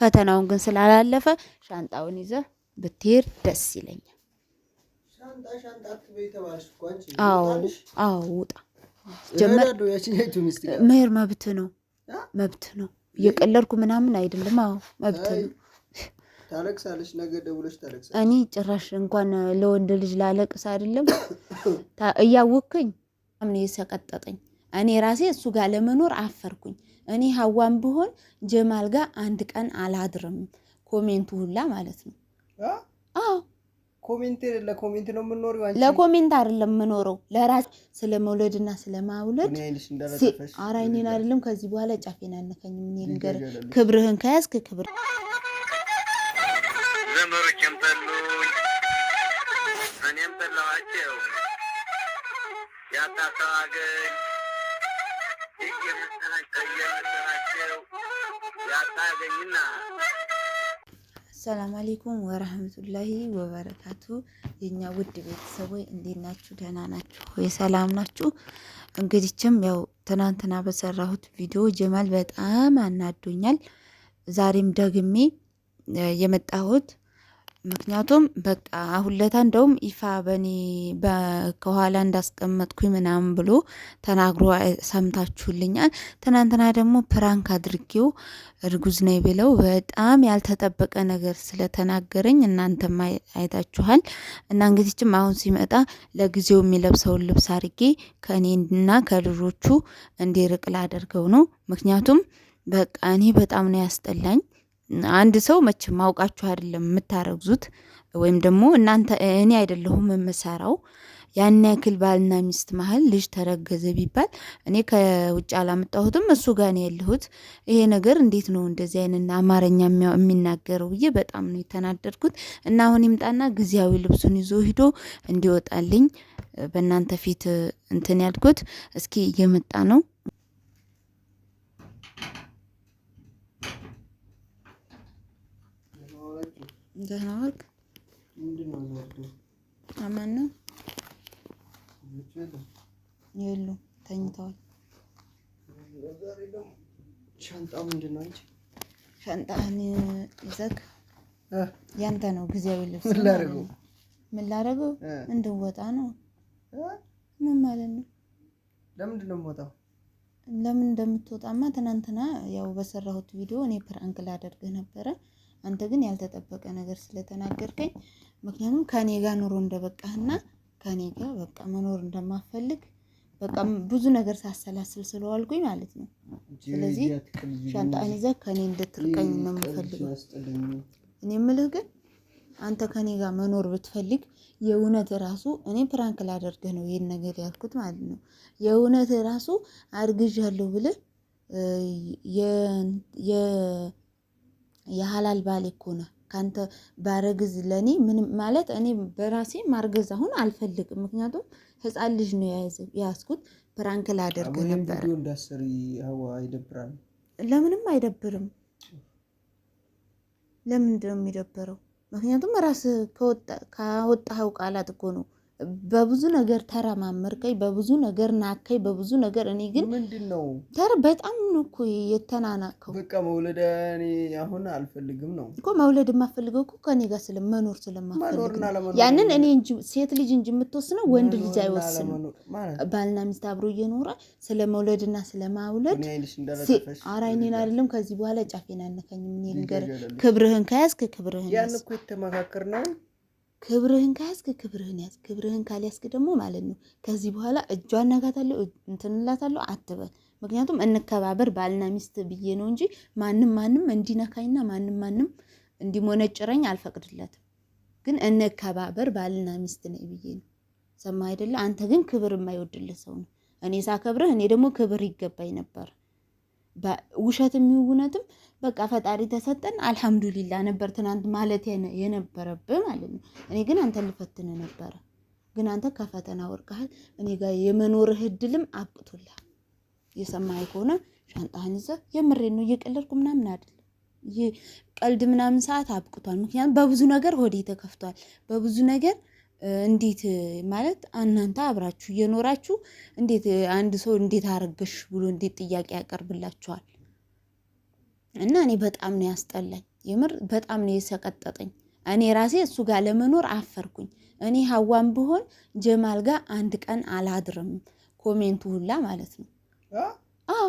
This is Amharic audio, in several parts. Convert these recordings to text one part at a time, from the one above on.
ፈተናውን ግን ስላላለፈ ሻንጣውን ይዘ ብትሄድ ደስ ይለኛል። አዎ ውጣ ጀመር መሄድ መብት ነው፣ መብት ነው። እየቀለድኩ ምናምን አይደለም። አዎ መብት ነው። ታለቅሳለች። ነገ ደውለሽ ታለቅሳ። እኔ ጭራሽ እንኳን ለወንድ ልጅ ላለቅስ አይደለም እያወቅኝ ምን የሰቀጠጠኝ እኔ ራሴ እሱ ጋር ለመኖር አፈርኩኝ። እኔ ሀዋን ብሆን ጀማል ጋር አንድ ቀን አላድርም። ኮሜንቱ ሁላ ማለት ነው። አዎ ኮሜንት ለኮሜንት ነው የምኖረው። ለኮሜንት አይደለም የምኖረው ለራሴ ስለ መውለድና ስለ ማውለድ ኧረ እኔን አይደለም። ከዚህ በኋላ ጫፌን አነከኝ። ምን ነገር ክብርህን ከያዝክ ክብር እኔም ያታሰው ሀገር አሰላሙ አሌይኩም ወረህመቱላሂ ወበረካቱ። የኛ ውድ ቤተሰቦች እንዴት ናችሁ? ደህና ናችሁ? የሰላም ናችሁ? እንግዲችም ያው ትናንትና በሰራሁት ቪዲዮ ጀማል በጣም አናዶኛል። ዛሬም ደግሜ የመጣሁት ምክንያቱም በቃ አሁን ለታ እንደውም ይፋ በኔ ከኋላ እንዳስቀመጥኩኝ ምናምን ብሎ ተናግሮ ሰምታችሁልኛል። ትናንትና ደግሞ ፕራንክ አድርጌው እርጉዝ ነኝ ብለው በጣም ያልተጠበቀ ነገር ስለተናገረኝ እናንተም አይታችኋል። እና እንግዲችም አሁን ሲመጣ ለጊዜው የሚለብሰውን ልብስ አድርጌ ከእኔና ከልጆቹ እንዲርቅ ላደርገው ነው። ምክንያቱም በቃ እኔ በጣም ነው ያስጠላኝ። አንድ ሰው መቼም አውቃችሁ አይደለም የምታረግዙት፣ ወይም ደግሞ እናንተ እኔ አይደለሁም የምሰራው። ያን ያክል ባልና ሚስት መሀል ልጅ ተረገዘ ቢባል እኔ ከውጭ አላመጣሁትም እሱ ጋር ነው ያለሁት። ይሄ ነገር እንዴት ነው እንደዚህ አይነት አማርኛ የሚናገረው ብዬ በጣም ነው የተናደድኩት። እና አሁን ይምጣና ጊዜያዊ ልብሱን ይዞ ሂዶ እንዲወጣልኝ በእናንተ ፊት እንትን ያልኩት። እስኪ እየመጣ ነው ደህና ዋልክ? አማን ነው የሉ ተኝተዋል። ሻንጣ ምንድን ነው? አንቺ ሻንጣህን ይዘግ ያንተ ነው። ጊዜያዊ ልብስ ምን ላደርገው? እንድወጣ ነው። ምን ማለት ነው? ለምንድን ነው የምወጣው? ለምን እንደምትወጣማ ትናንትና ያው በሰራሁት ቪዲዮ እኔ ፕራንክ ላደርግህ ነበረ አንተ ግን ያልተጠበቀ ነገር ስለተናገርከኝ፣ ምክንያቱም ከኔ ጋር ኑሮ እንደበቃህና ከኔ ጋር በቃ መኖር እንደማፈልግ በቃ ብዙ ነገር ሳሰላስል ስለዋልኩኝ ማለት ነው። ስለዚህ ሻንጣህን ይዘህ ከኔ እንድትርቀኝ ነው የምፈልገው። እኔ የምልህ ግን አንተ ከኔ ጋር መኖር ብትፈልግ የእውነት ራሱ እኔ ፕራንክ ላደርግህ ነው ይህን ነገር ያልኩት ማለት ነው። የእውነት ራሱ አርግዣለሁ ብለህ የሀላል ባል እኮ ነህ ከአንተ ባረግዝ ለእኔ ምንም ማለት እኔ በራሴ ማርገዝ አሁን አልፈልግም። ምክንያቱም ህፃን ልጅ ነው የያዝኩት። ፕራንክ ላደርግ ነበር። ለምንም አይደብርም። ለምንድነው የሚደብረው? ምክንያቱም ራስ ከወጣኸው ቃላት እኮ ነው በብዙ ነገር ተረማመርከኝ፣ በብዙ ነገር ናከኝ፣ በብዙ ነገር እኔ ግን ምንድን ነው ተረ በጣም ነው እኮ የተናናቀው። በቃ መውለድ እኔ አሁን አልፈልግም ነው እኮ መውለድ የማፈልገው እኮ ከኔ ጋር ስለመኖር ስለማፈልግ ያንን እኔ እንጂ ሴት ልጅ እንጂ የምትወስነው ወንድ ልጅ አይወስንም። ባልና ሚስት አብሮ እየኖረ ስለ መውለድና ስለ ማውለድ አራ እኔን አይደለም ከዚህ በኋላ ጫፌን አልነካኝም። እኔ ነገር ክብርህን ከያዝክ ክብርህን ያን እኮ ነው ክብርህን ከያዝክ ክብርህን ያዝ። ክብርህን ካልያዝክ ደግሞ ማለት ነው ከዚህ በኋላ እጇ አናጋታለሁ እንትንላታለሁ አትበል። ምክንያቱም እንከባበር ባልና ሚስት ብዬ ነው እንጂ ማንም ማንም እንዲነካኝና ማንም ማንም እንዲሞነጭረኝ አልፈቅድለትም። ግን እንከባበር ባልና ሚስት ነኝ ብዬ ነው። ሰማ አይደለ? አንተ ግን ክብር የማይወድልህ ሰው ነው። እኔ ሳከብርህ፣ እኔ ደግሞ ክብር ይገባኝ ነበር። ውሸትም ይሁን እውነትም በቃ ፈጣሪ ተሰጠን አልሐምዱሊላ ነበር ትናንት ማለት የነበረብህ ማለት ነው። እኔ ግን አንተን ልፈትን ነበረ፣ ግን አንተ ከፈተና ወርቀሃል። እኔ ጋር የመኖርህ እድልም አብቅቶልሃል። የሰማይ ከሆነ ሻንጣህን ይዘህ የምሬን ነው፣ እየቀለድኩ ምናምን አይደለም። ቀልድ ምናምን ሰዓት አብቅቷል። ምክንያቱም በብዙ ነገር ሆዴ ተከፍቷል፣ በብዙ ነገር እንዴት ማለት እናንተ አብራችሁ እየኖራችሁ እንዴት አንድ ሰው እንዴት አርገሽ ብሎ እንዴት ጥያቄ ያቀርብላችኋል? እና እኔ በጣም ነው ያስጠላኝ፣ የምር በጣም ነው የሰቀጠጠኝ። እኔ ራሴ እሱ ጋር ለመኖር አፈርኩኝ። እኔ ሀዋን ብሆን ጀማል ጋር አንድ ቀን አላድርም። ኮሜንቱ ሁላ ማለት ነው። አዎ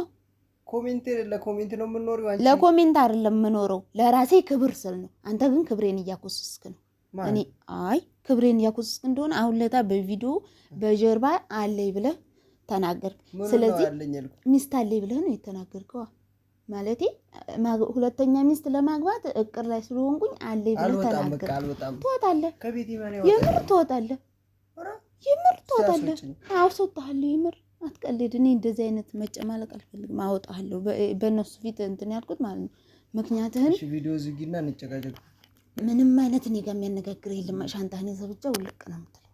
ኮሜንት ለኮሜንት ነው የምኖረው፣ ለኮሜንት አይደለም የምኖረው፣ ለራሴ ክብር ስል ነው። አንተ ግን ክብሬን እያኮሰስክ ነው። እኔ አይ ክብሬን ያኩስክ እንደሆነ አሁን ለታ በቪዲዮ በጀርባ አለይ ብለህ ተናገርክ። ስለዚህ ሚስት አለይ ብለህ ነው የተናገርከው። ማለቴ ሁለተኛ ሚስት ለማግባት እቅር ላይ ስለሆንኩኝ አለይ ብለህ ተናገርክ። ትወጣለህ፣ የምር ትወጣለህ፣ የምር ትወጣለህ። አውሰውታለሁ፣ የምር አትቀልድ። እኔ እንደዚህ አይነት መጨማለቅ አልፈልግም። አወጣለሁ በእነሱ ፊት እንትን ያልኩት ማለት ነው። ምክንያትህን ቪዲዮ ዝጊና እንጨቃጨቅ ምንም አይነት እኔ ጋር የሚያነጋግር የለም። ሻንጣህን ይዘህ ብቻ ውልቅ ነው የምትለው።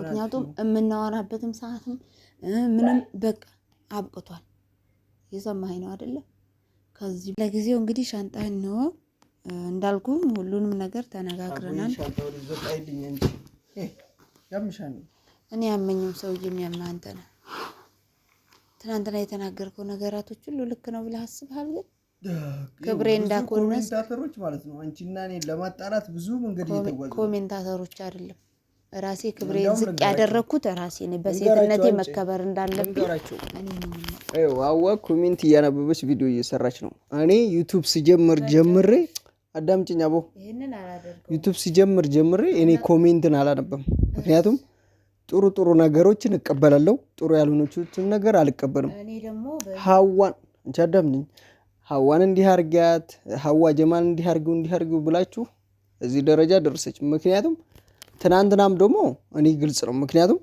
ምክንያቱም የምናወራበትም ሰዓትም ምንም በቃ አብቅቷል። የሰማኸኝ ነው አይደለም። ከዚህ ለጊዜው እንግዲህ ሻንጣህን ነው እንዳልኩ፣ ሁሉንም ነገር ተነጋግረናል። እኔ ያመኝም ሰው የሚያምነው አንተ ነው። ትናንትና የተናገርከው ነገራቶች ሁሉ ልክ ነው ብለህ አስብሃል ግን ክብሬ እንዳኮነስ ኮሜንታተሮች ማለት ነው። አንቺና እኔ ለማጣራት ብዙ መንገድ እየተጓዙ ኮሜንታተሮች አይደለም ራሴ ክብሬ ዝቅ ያደረግኩት ራሴ ነኝ። በሴትነቴ መከበር እንዳለብኝ አዋ ኮሜንት እያነበበች ቪዲዮ እየሰራች ነው። እኔ ዩቱብ ስጀምር ጀምሬ አዳምጪኝ አቦ፣ ዩቱብ ስጀምር ጀምሬ እኔ ኮሜንትን አላነበም። ምክንያቱም ጥሩ ጥሩ ነገሮችን እቀበላለሁ፣ ጥሩ ያልሆነችን ነገር አልቀበልም። ሀዋን አንቺ አዳምጪኝ ሀዋን እንዲያርጋት ሀዋ ጀማል እንዲህ አርጊው ብላችሁ እዚህ ደረጃ ደረሰች። ምክንያቱም ትናንትናም ደግሞ እኔ ግልጽ ነው። ምክንያቱም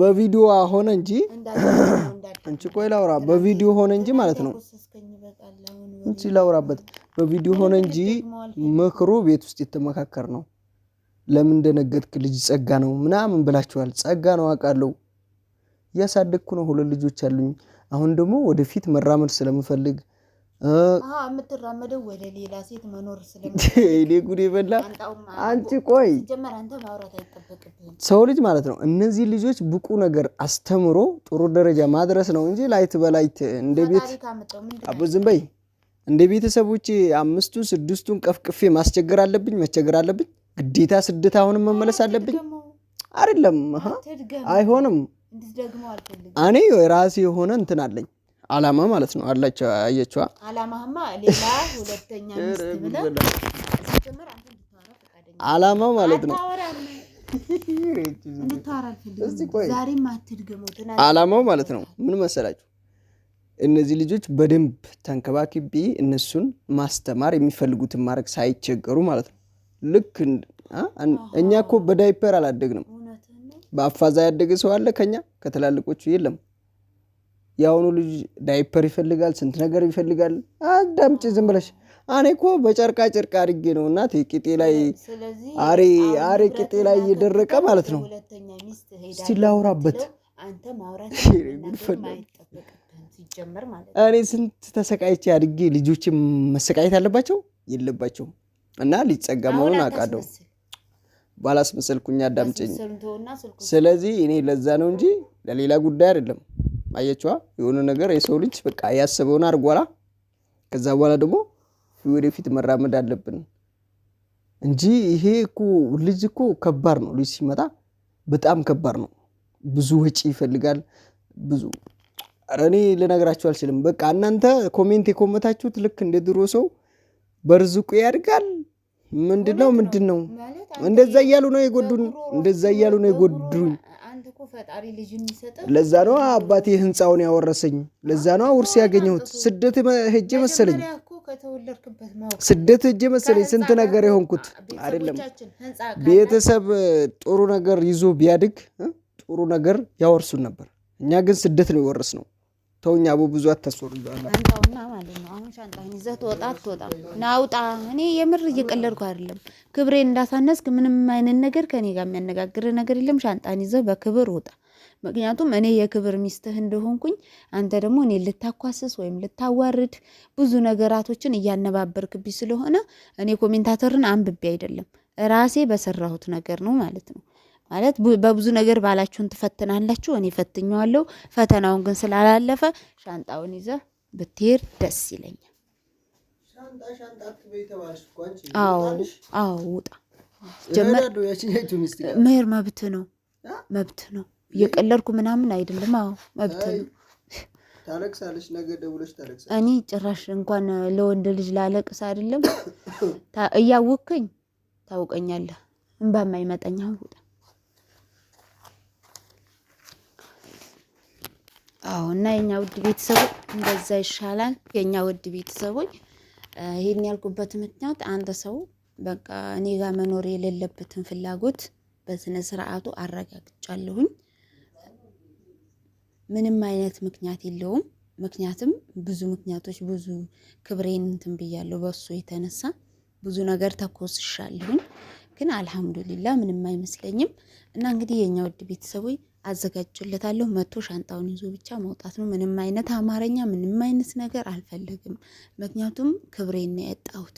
በቪዲዮ ሆነ እንጂ እንቺ ቆይ ላውራ፣ በቪዲዮ ሆነ እንጂ ማለት ነው እንቺ ላውራበት፣ በቪዲዮ ሆነ እንጂ ምክሩ ቤት ውስጥ የተመካከር ነው። ለምን እንደነገጥክ ልጅ ጸጋ ነው ምናምን ብላችኋል። ጸጋ ነው አውቃለሁ፣ እያሳደግኩ ነው። ሁለት ልጆች አሉኝ አሁን ደግሞ ወደፊት መራመድ ስለምፈልግ የምትራመደው ወደ ሌላ ሴት መኖር ስለኔ ጉድ የበላ አንቺ ቆይ ሰው ልጅ ማለት ነው። እነዚህ ልጆች ብቁ ነገር አስተምሮ ጥሩ ደረጃ ማድረስ ነው እንጂ ላይት በላይት እንደ ቤት ዝም በይ። እንደ ቤተሰቦች አምስቱን ስድስቱን ቀፍቅፌ ማስቸገር አለብኝ መቸገር አለብኝ ግዴታ ስደት አሁንም መመለስ አለብኝ አይደለም አይሆንም። እኔ ራሴ የሆነ እንትን አለኝ አላማ ማለት ነው አላቸው። አየችዋ አላማ ማለት ነው። አላማው ማለት ነው ምን መሰላችሁ? እነዚህ ልጆች በደንብ ተንከባክቤ እነሱን ማስተማር የሚፈልጉትን ማድረግ ሳይቸገሩ ማለት ነው። ልክ እኛ እኮ በዳይፐር አላደግንም። በአፋዛ ያደገ ሰው አለ ከኛ ከትላልቆቹ? የለም። የአሁኑ ልጅ ዳይፐር ይፈልጋል፣ ስንት ነገር ይፈልጋል። አዳምጪ ዝም ብለሽ። እኔ እኮ በጨርቃ ጨርቅ አድርጌ ነው እናቴ ቂጤ ላይ አሬ አሬ ቂጤ ላይ እየደረቀ ማለት ነው። እስቲ ላውራበት። እኔ ስንት ተሰቃይቼ አድጌ ልጆች መሰቃየት አለባቸው የለባቸው? እና ሊጸጋ መሆኑን አውቃለሁ። ባላስመሰልኩኝ አዳምጨኝ። ስለዚህ እኔ ለዛ ነው እንጂ ለሌላ ጉዳይ አይደለም። አየችዋ የሆነ ነገር የሰው ልጅ በቃ ያሰበውን አድርጓላ። ከዛ በኋላ ደግሞ ወደፊት መራመድ አለብን እንጂ ይሄ እኮ ልጅ እኮ ከባድ ነው። ልጅ ሲመጣ በጣም ከባድ ነው። ብዙ ወጪ ይፈልጋል። ብዙ እኔ ልነግራችሁ አልችልም። በቃ እናንተ ኮሜንት የኮመታችሁት ልክ እንደ ድሮ ሰው በርዝቁ ያድጋል ምንድን ነው? እንደዛ እያሉ ነው የጎዱን፣ እንደዛ እያሉ ነው የጎዱን። ለዛ ነው አባቴ ህንፃውን ያወረሰኝ። ለዛ ነው ውርስ ያገኘሁት። ስደት ሄጄ መሰለኝ ስደት ሄጄ መሰለኝ ስንት ነገር የሆንኩት አይደለም። ቤተሰብ ጥሩ ነገር ይዞ ቢያድግ ጥሩ ነገር ያወርሱን ነበር። እኛ ግን ስደት ነው የወረስ ነው። ተውኛ አቦ ብዙ አታስወሩ። አንተውና ማለት ነው። አሁን ሻንጣህን ይዘህ ትወጣ አትወጣ ናውጣ። እኔ የምር እየቀለድኩ አይደለም። ክብሬን እንዳሳነስክ ምንም አይነት ነገር ከኔ ጋር የሚያነጋግር ነገር የለም። ሻንጣን ይዘህ በክብር ውጣ። ምክንያቱም እኔ የክብር ሚስትህ እንደሆንኩኝ አንተ ደግሞ እኔ ልታኳስስ ወይም ልታዋርድ ብዙ ነገራቶችን እያነባበርክብኝ ስለሆነ እኔ ኮሜንታተርን አንብቤ አይደለም ራሴ በሰራሁት ነገር ነው ማለት ነው። ማለት በብዙ ነገር ባላችሁን ትፈትናላችሁ። እኔ ፈትኘዋለሁ። ፈተናውን ግን ስላላለፈ ሻንጣውን ይዘህ ብትሄድ ደስ ይለኛል። አዎ አዎ፣ ውጣ መሄድ መብት ነው፣ መብት ነው። እየቀለድኩ ምናምን አይደለም። አዎ መብት ነው። ታለቅሳለች። ነገ ደውለሽ ታለቅሳለች። እኔ ጭራሽ እንኳን ለወንድ ልጅ ላለቅስ አይደለም። እያወቅኝ ታውቀኛለህ። እንባ የማይመጣኝ አሁን አዎ እና የኛ ውድ ቤተሰቦች እንደዛ ይሻላል። የኛ ውድ ቤተሰቦች ይሄን ያልኩበት ምክንያት አንድ ሰው በቃ እኔ ጋር መኖር የሌለበትን ፍላጎት በስነ ስርዓቱ አረጋግጫለሁኝ። ምንም አይነት ምክንያት የለውም። ምክንያትም ብዙ ምክንያቶች ብዙ ክብሬን እንትን ብያለሁ። በሱ የተነሳ ብዙ ነገር ተኮስሻለሁኝ። ግን አልሐምዱሊላ ምንም አይመስለኝም። እና እንግዲህ የኛ ውድ ቤተሰቦች አዘጋጅለታለሁ። መቶ ሻንጣውን ይዞ ብቻ መውጣት ነው። ምንም አይነት አማርኛ፣ ምንም አይነት ነገር አልፈልግም። ምክንያቱም ክብሬን ያጣሁት